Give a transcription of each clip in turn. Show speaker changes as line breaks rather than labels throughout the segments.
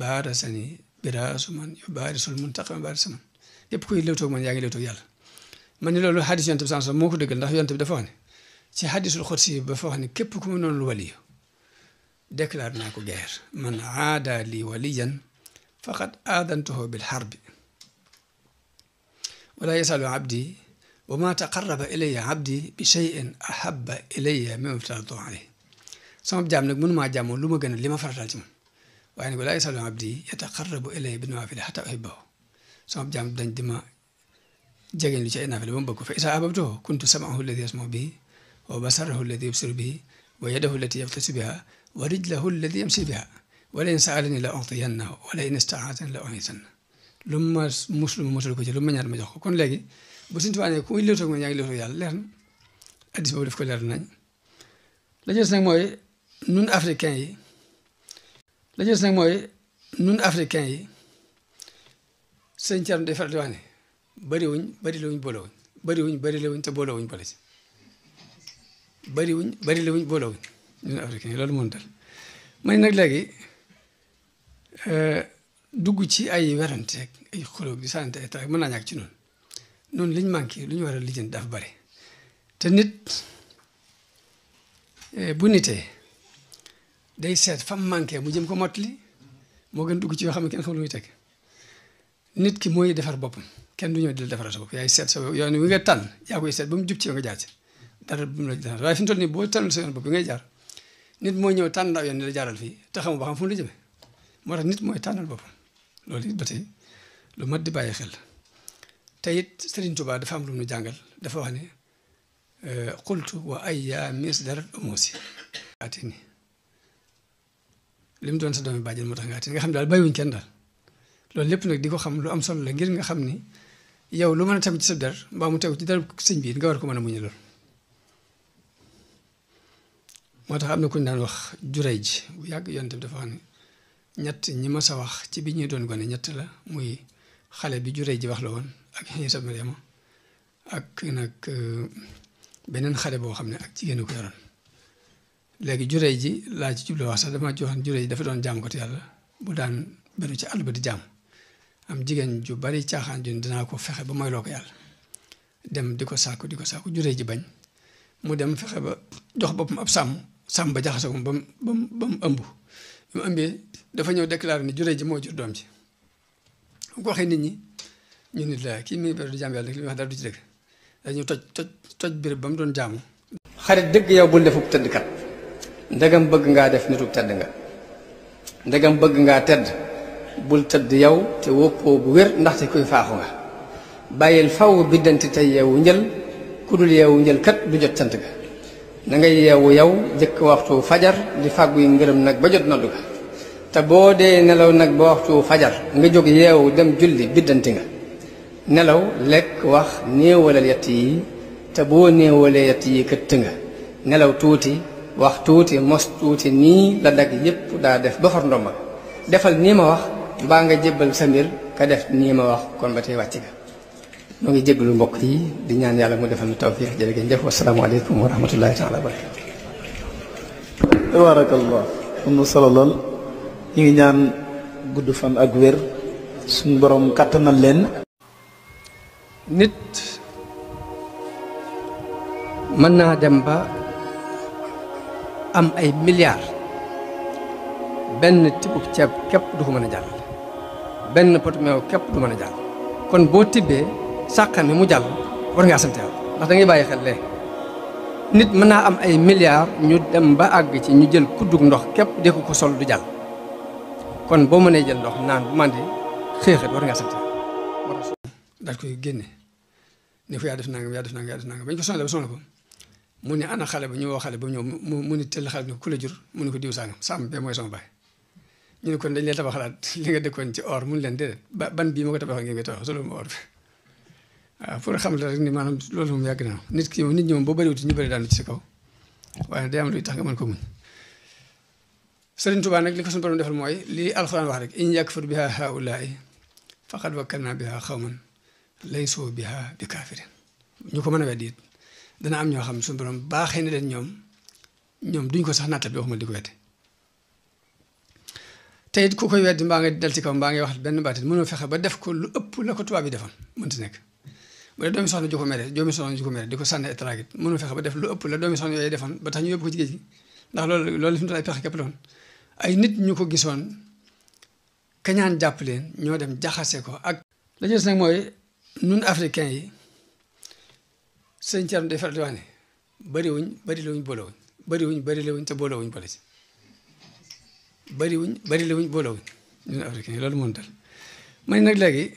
baarasani biraasu man yubaarisul muntaqa baarisa man yépp kuy lewtoog man yaa ngi lewtoog yàlla man ni loolu xadis yonte bi sans moo ko dëggal ndax yonte bi dafa wax ne ci xadisul xotsi ba fa wax ne képp ku mu noonu lu waliyu déclaré naa ko guerre man aada li waliyan faqad aadantuhu bil harbi wala yasalu abdi wa ma taqarraba ilaya abdi bi cheyin ahaba ilaya mima iftaradtu alayh sama jaam nag mënumaa jàmmoo lu ma gën a li ma faratal ci moom ويعني ولا يسأل عبدي يتقرب إلي بالنوافل حتى أحبه سوف جام بدن دماء جاين لجأنا في البنبك فإذا أحببته كنت سمعه الذي يسمع به وبصره الذي يبصر به ويده التي يبتس بها ورجله الذي يمشي بها ولئن سألني لأعطينه ولئن استعاذني لأعيذنه لما مسلم مسلم كوجي لما ñaar ma jox ko kon léegi bu suñu tubaane ku illoto ko ñaangi illoto yàlla leer na addis boobu def ko leer nañ la la jës nag mooy nun africain yi sëñ Thierno day faral di wax ne bëriwuñ bëri la wuñ boolewuñ bëriwuñ wuñ te boolewuñ boole si bëriwuñ bëri wuñ boolewuñ ñun africain yi loolu moo dal man nag léegi euh, dugg ci ay werante ak ay xulóog di sante ay tax mën naa ñàkk ci noonu noonu liñ manqué lu ñu war a lijjanti dafa bëri te nit euh, bu nitee day seet fam manqué mu jëm ko mottali moo gën dugg ci yoo xam ne kenn xam lu muy teg nit ki mooy defar boppam kenn du ñëw di la defaral sa bopp yaay seet sa yoon wi nga tànn yaa koy seet ba mu jub ci yow nga jaar ci dara bu boo tànnul sa yoon bopp bi ngay nit mooy ñëw tànn aw yoon ni la jaaral fii te xamu ba xam fu mu nit mooy tànnal boppam loolu it ba tey lu mat di bàyyi xel te it Serigne Touba dafa am lu mu jàngal dafa wax ne qultu wa ay ayya misdarat umusi atini li mu doon sa doomi bàjjen moo tax nga àtte nga xam daal bàyyiwuñ kenn daal loolu lépp nag di ko xam lu am solo la ngir nga xam ni yow lu mën a tegu ci sa der mbaa mu tegu ci der sëñ bi nga war ko mën a muñ loolu moo tax am na ku ñu daan wax juray ji bu yàgg yoon tamit dafa wax ne ñett ñi ma sa wax ci bi ñuy doon gone ñett la muy xale bi juray ji wax la woon ak Iisa Maryama ak nag euh, beneen xale boo xam ne ak jigéen ko yoroon léegi jure ji laa ci jublu wax sax dama ci wax juree ji dafa doon jàmm ko te daan beru ci àll ba di jàmm am jigéen ju bari caaxaan ju dinaa ko fexe ba moyloo ko yàlla dem di ko sàkku di ko sàkku juree ji bañ mu dem fexe ba jox boppam ab sàmm sàmm ba jaxasoo ko ba mu ba mu ëmb bi mu ëmbee dafa ñëw déclaré ni jure ji moo jur doom ji bu ko waxee nit ñi ñu nit la kii muy beru di jàmm yàlla li muy wax dara du ci dëgg dañu toj toj toj béréb ba mu doon jaamu. xarit dëgg yow bul defub tëddkat. ndegam bëgg ngaa def nitub tedd nga ndegam bëgg ngaa tedd bul tëdd yow te woppoo bu wér ndaxte kuy faaxu nga bàyyil faw biddanti tey yeewu njël ku dul yeewu njël kat du jot cant ga na ngay yeewu yow jëkk waxtu fajar di fàggu yi ngërëm nag ba jot noddu ga te boo dee nelaw nag ba waxtu fajar nga jóg yeewu dem julli biddanti nga nelaw lekk wax néewalal yett yi te boo néewalee yett yi këtt nga nelaw tuuti wax tuuti mos tuuti nii la dagg yépp daa def ba far ndomba defal nii ma wax mbaa nga jébbal sa mbir ka def nii ma wax kon ba tey wàcc ga noo ngi jéggalu mbokk yi di ñaan yàlla mu defal tawfiq jërë ngeen jëf wasalaamaaleykum wa rahmatullahi taala wa barakatu tabarakallah am na solo ngi ñaan gudd fan ak wér borom leen nit mën naa dem ba am ay milliards benn tibb ceeb képp du ko mën a jàllale benn pot meew képp du mën a jàll kon boo tibbee sàqan mi mu jàll war ngaa sant ndax da ngay bàyyi xel nit mën naa am ay milliards ñu dem ba àgg ci ñu jël kuddug ndox képp de ko ko sol du jàll kon boo mënee jël ndox naan bu màndee xeexat war ngaa sant yàlla daal koy génne ne ko yaa def nangam yaa def nangam yaa def nangam bañ ko sonal ba sonal ko mu ne ana xale bi ñu woo xale bi ñëw mu mu ne tëll xale bi ku la jur mu ne ko diw sàngam sam be moy sama baay ñu ne kon dañ leen tabaxalaat li nga dëkkoon ci or mu ne leen déedéet ba ban bii ma ko tabaxal ngeen koy tabax solo mu or bi waaw pour xam la rek ni maanaam loolu moom yàgg na nit ki nit ñi moom boo bëriwut ñu bari daan ci kaw waaye day am luy tax nga mën ko muñ Serigne Touba nag li ko sun borom defal mooy li alxuraan wax rek in yakfur biha haulaai faqad wakkalna biha xawman laysu biha bi kaafirin ñu ko mën a weddi dana am ñoo xam ne suñu borom baaxee na leen ñoom ñoom duñ ko sax nattab bi ma di ko weddi te it ku koy weddi mbaa nga dal ci kaw mbaa ngay wax benn baat mënoo fexe ba def ko lu ëpp la ko tubaab yi defoon mënti nekk bu dee doomi soxna ju ko mere doomi soxna ju ko di ko sànni étranger mënoo fexe ba def lu ëpp la doomi soxna yooyu defoon ba tax ñu yóbbu ko ci géej ndax loolu loolu fi mu ay pexe képp loon ay nit ñu ko gisoon kañaan jàpp leen ñoo dem jaxase ko ak la jës nag mooy nun africain yi sëñ Thierno day faral di wax ne bëriwuñ bëri la wuñ boole wuñ wuñ te boole wuñ boole si bëriwuñ bëri wuñ boole wuñ ñun africain loolu moom dal man nag léegi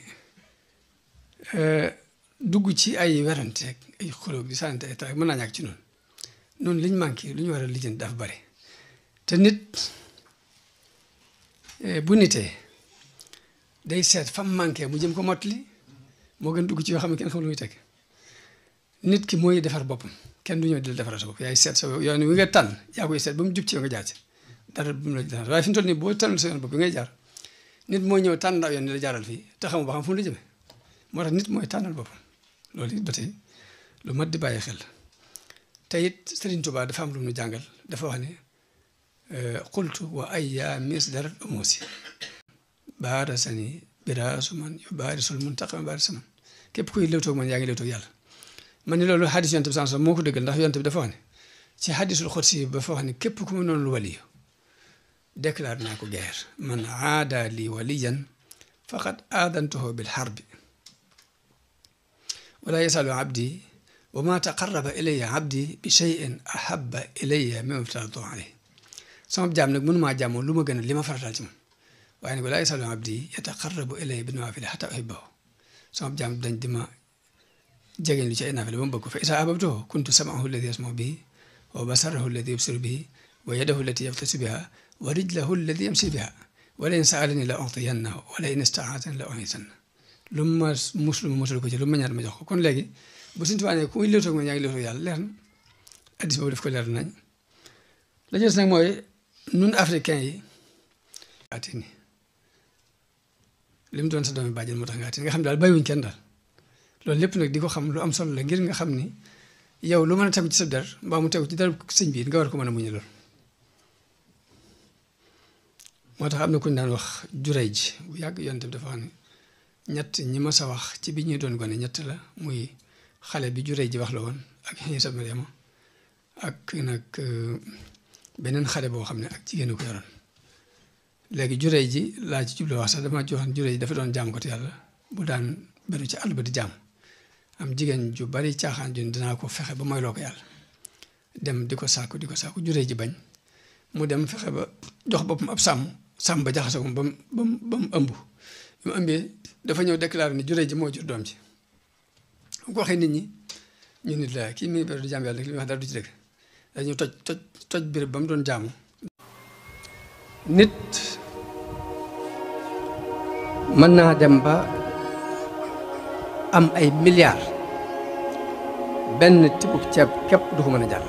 euh, dugg ci ay werante ak ay xulóog di sant ay taag mën naa ñàkk ci noonu noonu liñ manqué lu ñu war a lijjanti dafa bëri te nit euh, bu nitee day seet fam manqué mu jëm ko mottali moo gën dugg ci yoo xam ne kenn xamul muy teg nit ki moy defar boppam kenn du ñëw di la sa bop yaay set sa yoon wi nga tan ya koy set ba mu jub ci nga jaar ci dara bu mu la jaar way fi mu toll nii boo sa yoon bop bi ngay jaar nit mooy ñëw tan ndaw yoon ni la jaaral fi ta xam ba xam fu mu la jëmee moo tax nit moy tanal boppam loolu it lu mat di baye xel tayit serigne touba Tuubaa dafa am lu mu jàngal dafa wax ni qultu wa ayya mis darat amusi baara sani biraasu man yu baari sul mun taqama baari saman képp kuy lewtoog man yaa ngi yàlla ma ne loolu xadis yonent bi sans moo ko dëggal ndax yonent bi dafa wax ne ci xadisul xudsi ba fa wax ne képp ku mu noonu waliyu déclare naa ko guerre man aada li waliyan faqad aadantuhu bil harbi wala yasalu abdi wa ma taqarraba ilayya abdi bi cheyin ahaba ilayya mima iftaradtu alayh sama jaam nag mënumaa jàmmoo lu ma gën a li ma faratal ci moom waaye nag wala yasalu abdi yataqarrabu ilayya bi nawaafil hatta uhibbahu sama jaam dañ di جاكين لجاء في البنبكو فإذا عبدته كنت سمعه الذي يسمع به وبصره الذي يبصر به ويده التي يبتس بها ورجله الذي يمشي بها ولئن سألني لأعطينه ولئن استعاذني لأعيذنه لما مسلم مسلم كجي لما نيار ما جوخ كون لغي بو سنتو اني كو ليتو ما نياغي يعني ليتو يال لير اديس بو ديف كو لير ناني لا جيس نك موي نون افريكان يي اتيني لم دون سدامي باجي موتا غاتي غا خام دال بايو نكن دال loolu lépp nag di ko xam lu am solo la ngir nga xam ni yow lu mën a tegu ci sa der mbaa mu tegu ci der sëñ bi nga war ko mën a muñu lool moo tax am na ku ñu daan wax juray ji bu yàgg yonte bi dafa ñett ñi ma sa wax ci bi ñuy doon gone ñett la muy xale bi juray ji wax la woon ak Iisa Maryama ak nag euh, beneen xale boo xam ne ak jigéen ko yoroon léegi juray ji laa ci jublu wax sax dama joxoon juray ji dafa doon jaam ko te yàlla bu daan beru ci àll ba di jaam am jigen ju bari caaxaan jun dina ko fexé ba moy loko yalla dem diko ko diko di ko ji bañ mu dem fexé ba dox bopum ab sam sam ba jaxasoo bam bam bam ëmbu mu ëmbé dafa ñëw déclarer ni jure ji mo jur dom ci ko waxé nit ñi ñu nit la ki mi bëru jamm yalla li wax dara du ci dëgg dañu toj toj toj bir bam doon jamm nit man na dem ba am ay milliards benn tibb ceeb kep du ko meuna jall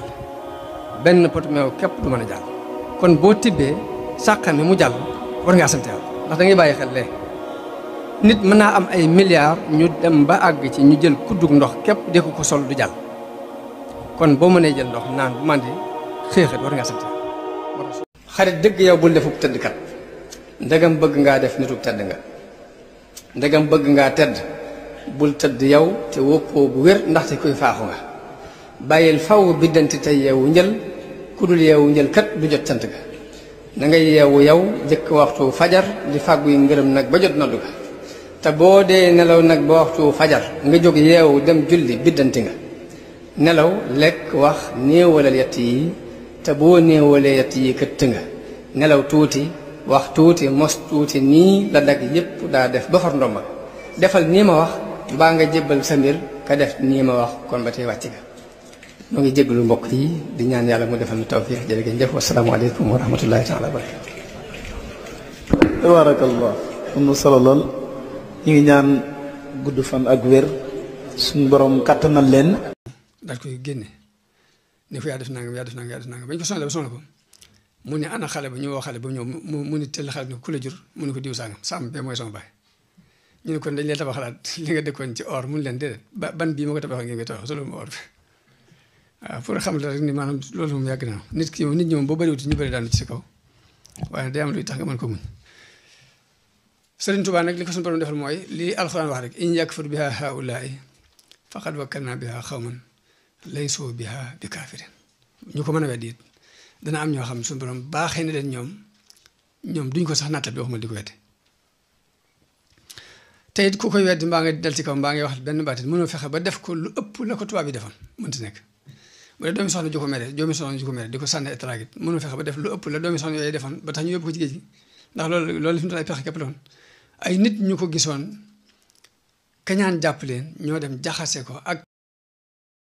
ben pot meew kep du meuna jall kon bo tibbe sàqami mu jall war nga sant ndax da ngay baye xel le nit meuna am ay milliards ñu dem ba ag ci ñu jël kuddug ndox kep de ko ko sol du jall kon bo meune jël ndox naan bu mandi xexet war nga sant xarit deug yow bul defuk tëdd kat ndegam bëgg nga def nitub tedd nga ndegam bëgg nga tedd bul tëdd yow te woppoo bu wér ndaxte kuy faaxu nga bàyyil faw biddanti tey yeewu njël ku dul yeewu njël kat du jot cant ga na ngay yeewu yow jëkk waxtu fajar di fàggu yi ngërëm nag ba jot noddu ga te boo dee nelaw nag ba waxtu fajar nga jóg yeewu dem julli biddanti nga nelaw lekk wax néewalal yett yi te boo néewalee yett yi këtt nga nelaw tuuti wax tuuti mos tuuti nii la dag yépp daa def ba far ndomba defal nii ma wax mbaa nga jébbal sa mbir ka def nii ma wax kon ba tey wàcc ga ñoo ngi jéggalu mbokk yi di ñaan yàlla mu defal ñu tawfiix jërëngeen jëf wasalaamaaleykum wa rahmatullahi taala wa barakatu tabarakallah am na solo lool ñu ngi ñaan gudd fan ak wér suñu borom kattanal leen daal koy génne ne ko yaa def nangam yaa def nangam yaa def nangam bañ ko sonal ba sonal ko mu ne ana xale ba ñu woo xale ba ñëw mu ni tëll xale ne ku la jur mu ne ko diw sangam sàmm bee ñu ne kon dañ leen tabaxalaat li nga dëkkoon ci or mun leen déedéet ba ban bii ma ko tabax ngeen koy tabax solo mu or bi waaw pour xam la rek ni maanaam loolu moom yàgg na nit ki moom nit ñi moom boo bëriwut ñu bëri daanu ci sa kaw waaye day am luy tax nga mën ko muñ Sëriñ Tuubaa nag li ko suñu borom defal mooy li alxuraan wax rek in yakfur biha haulaai faqad wakkalna biha xawman laysu biha bi kaafirin ñu ko mën a weddi it dana am ñoo xam suñu borom baaxee na leen ñoom ñoom duñ ko sax nattab bi waxuma di ko weddi te it ku koy wedd mbaa nga dal kaw mbaa ngay wax benn baatit mënoo fexe ba def ko lu ëpp la ko tubaab yi defoon mënti nekk bu dee doomi soxna ju ko di ko sànni étranger it mënoo fexe ba def lu ëpp la doomi soxna yooyu defoon ba tax ñu yóbbu ko ci géej gi ndax loolu loolu fi mu toll ay pexe képp la ay nit ñu ko gisoon kañaan jàpp leen ñoo dem jaxase ko ak